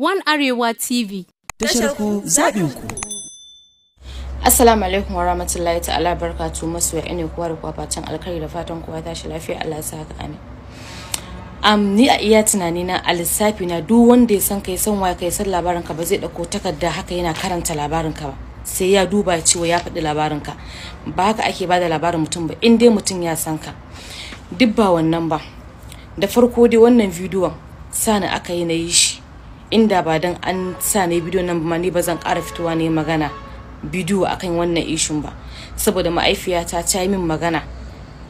One Arewa TV. Tashar ku zaɓin ku. Assalamu alaikum wa rahmatullahi ta'ala barkatu masoya ne kowa da kowa fatan alkhairi da fatan kowa tashi lafiya Allah sa haka amin. Am ni a iya tunani na a lissafi na duk wanda ya san kai san waye kai san labarin ka ba zai ɗauko takarda haka yana karanta labarin ka ba. sai ya duba cewa ya faɗi labarin ka, ba haka ake bada labarin mutum ba in dai mutum ya san ka duk ba wannan ba da farko dai wannan bidiyon sani aka yi na yi shi inda ba don an sa ne bidiyo nan ma ne ba zan ƙara fitowa ne magana bidiyo akan wannan ishun ba saboda ma'aifiyata ta yi min magana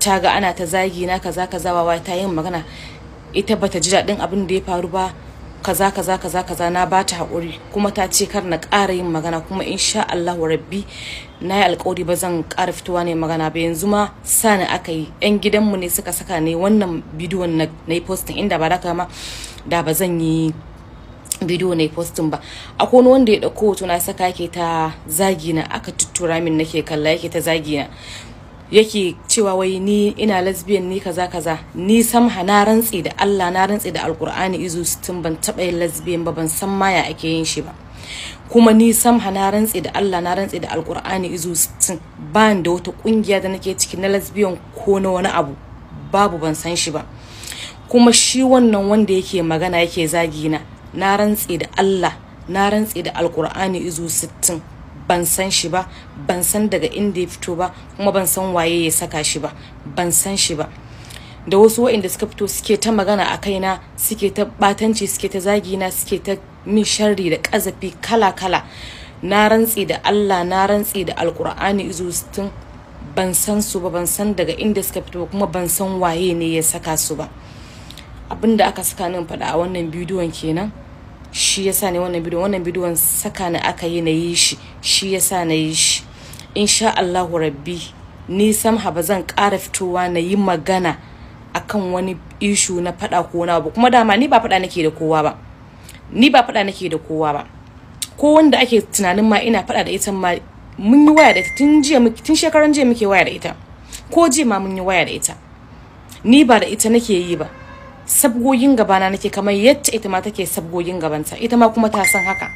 ta ga ana ta zagi na kaza kaza wa ta yi magana ita bata ji daɗin abin da ya faru ba kaza kaza kaza kaza na ba ta haƙuri kuma ta ce kar na ƙara yin magana kuma insha Allahu rabbi na yi alƙawari ba zan ƙara fitowa ne magana ba yanzu ma sani aka yi yan gidanmu ne suka saka ne wannan bidiyon na yi posting inda ba da ma da ba zan yi bidiyo na postin ba akwai wani wanda ya dauko hoto na saka yake ta zagi na aka tuttura min nake kalla yake ta zagi na yake cewa wai ni ina lesbian ni kaza kaza ni samha na rantsi da Allah na rantsi da alkur'ani izu sitin ban taba yin lesbian ba ban san ma ake yin shi ba kuma ni samha na rantsi da Allah na rantsi da alkur'ani izu sitin ba da wata kungiya da nake ciki na lesbian ko na wani abu babu ban san shi ba kuma shi wannan wanda yake magana yake zagi na na rantse da Allah na rantse da alkur'ani izu 60 ban san shi ba ban san daga inda ya fito ba kuma ban san waye ya saka shi ba ban san shi ba da wasu waɗanda suka fito suke ta magana a kaina suke ta batanci suke ta na suke ta min sharri da kazafi kala-kala na rantse da Allah na rantse da alkur'ani izu 60 ban san su ba ban san daga inda suka fito kuma ban san waye ne ya saka su ba abinda aka saka nan faɗa a wannan bidiyon kenan shi yasa ne wannan bidiyon wannan bidiyon saka ni aka yi na yi shi shi yasa na yi shi insha Allahu rabbi ni sam ba zan ƙara fitowa na yi magana akan wani ishu na faɗa ko na ba kuma dama ni ba faɗa nake da kowa ba ni ba faɗa nake da kowa ba ko wanda ake tunanin ma ina faɗa da ita ma mun yi waya da ita tun jiya tun shekaran jiya muke waya da ita ko jiya ma mun yi waya da ita ni ba da ita nake yi ba sabgoyin gabana nake kamar yacce ita ma take sabgoyin gabanta ita ma kuma ta san haka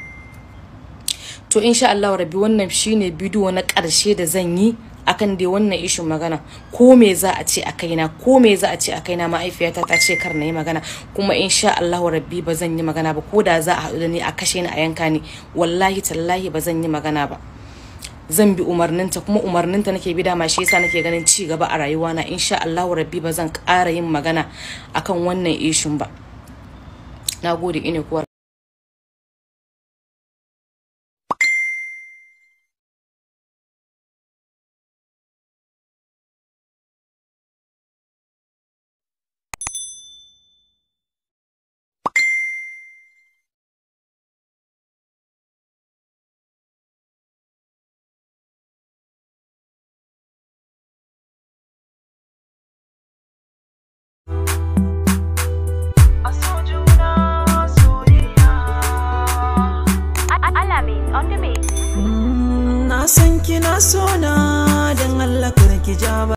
to insha Allah rabbi wannan shine bidiyo na ƙarshe da zan yi akan dai wannan ishin magana ko me za a ce a kaina ko me za a ce a kaina ma'aifiyata ta ce kar na yi magana kuma insha Allah rabbi ba zan yi magana ba ko da za a haɗu da ni a kashe ni a yanka ni wallahi tallahi ba zan yi magana ba zan bi umarninta kuma umarninta nake bi dama shi yasa nake ganin ci gaba a rayuwa na insha Allah rabbi ba zan ƙara yin magana akan wannan ishin ba nagode ine kuwa na san ki Na san kina sona don Allah karki ja